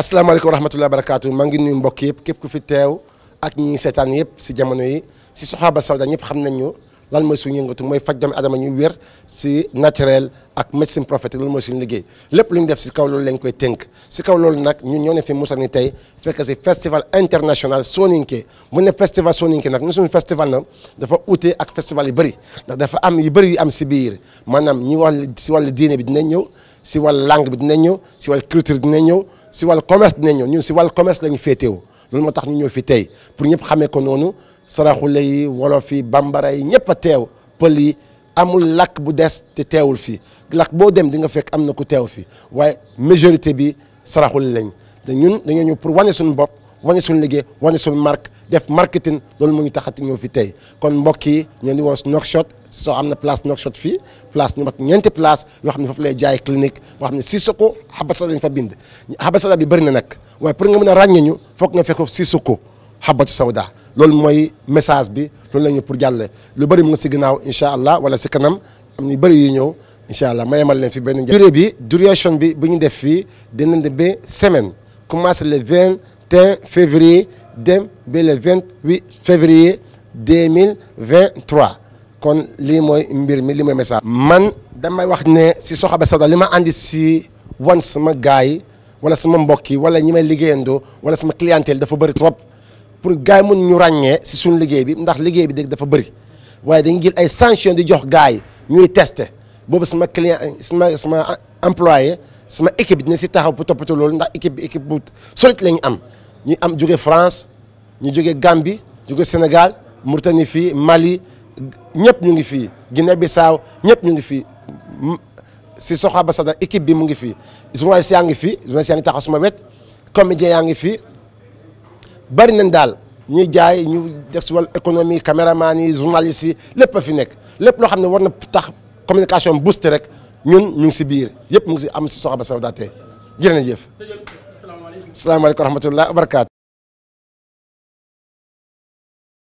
asalaamaaleykum wa rahmatulah barakaatu maa ngi nuyu mbokk yëpp képp ku fi teew ak ñi seetaan yëpp si jamono yi si Soxaba Sawda ñëpp xam nañ ñu lan mooy suñu yëngatu mooy faj doomi adama ñu wér si naturel ak médecine prophétique loolu mooy suñu liggéey lépp lu ñu def si kaw loolu lañ koy tënk si kaw loolu nag ñun ñoo ne fi Moussa ni tey fekk si festival international Soninké mu ne festival Soninké nag ñu suñu festival nag dafa uute ak festival yu bëri ndax dafa am yi bëri yu am si biir maanaam ñi wàll si wàllu diine bi dinañ ñëw si wàllu langue bi dinañ ñëw si wàllu culture dinañ ñëw si wàllu commerce dinañ ñëw ñun si wàllu commerce la ñu féetewoo loolu moo tax ñu ñëw fi tey pour ñëpp xamee ko noonu saraxule yi wolof yi bambara yi ñëpp a teew pël yi amul làkk bu des te teewul fi lak boo dem di nga fekk am na ku teew fi waaye majorité bi saraxule lañ te ñun dañoo ñëw pour wane suñu bopp wane suñu liggéey wane suñu marque def marketing loolu moo ñu taxati ñëw fi tey kon mbokk yi ñeen di woo Nouakchott soo am na place Nouakchott fii place ñu mat ñeenti place yoo xam ne foofu lay jaay clinique boo xam ne Sissoko Habasada lañ fa bind Habasada bi bëri na nag waaye pour nga mën a ràññee ñu foog nga fekk Sissoko Habbatu Sauda loolu mooy message bi loolu la ñu pour jàlle lu bëri mu ngi si ginnaaw incha allah wala si kanam am na yu bëri yu ñëw incha allah ma yemal leen fi benn. durée bi duration bi bu ñu def fii dinañ dem ba semaine commencé le vingt et un février dem ba le vingt huit février deux mille vingt trois kon lii mooy mbir mi li mooy message. man damay wax ne si Sissoko Habbatu Sauda li ma andi si wan sama gars yi wala sama mbokk yi wala ñi may liggéeyandoo wala sama clientel dafa bëri trop pour gars yi ñu ràññee si suñu liggéey bi ndax liggéey bi dafa bëri waaye dañu jël ay sanction di jox gars yi ñuy testé boobu sama client sama sama employé sama équipe dina si taxaw pour toppatoo loolu ndax équipe bi équipe bu solide la ñu am ñu am jóge France ñu jóge Gambie jóge Sénégal Mauritanie fii Mali ñëpp ñu ngi fii Guinée Bissau ñëpp ñu ngi fii si Sissoko Habbassa équipe bi mu ngi fi journaliste yaa ngi fi journaliste yaa ngi taxaw sama wet comédien yaa ngi fi bari nañ daal ñuy jaay ñu def si wàllu économie caméraman yi lépp a fi nekk lépp loo xam ne war na tax communication boost rek ñun ñu ngi si biir yëpp mu ngi si am Sissoko Habbassa tey jërë ngeen jëf. salaamaaleykum wa rahmatulah wa barakaatu.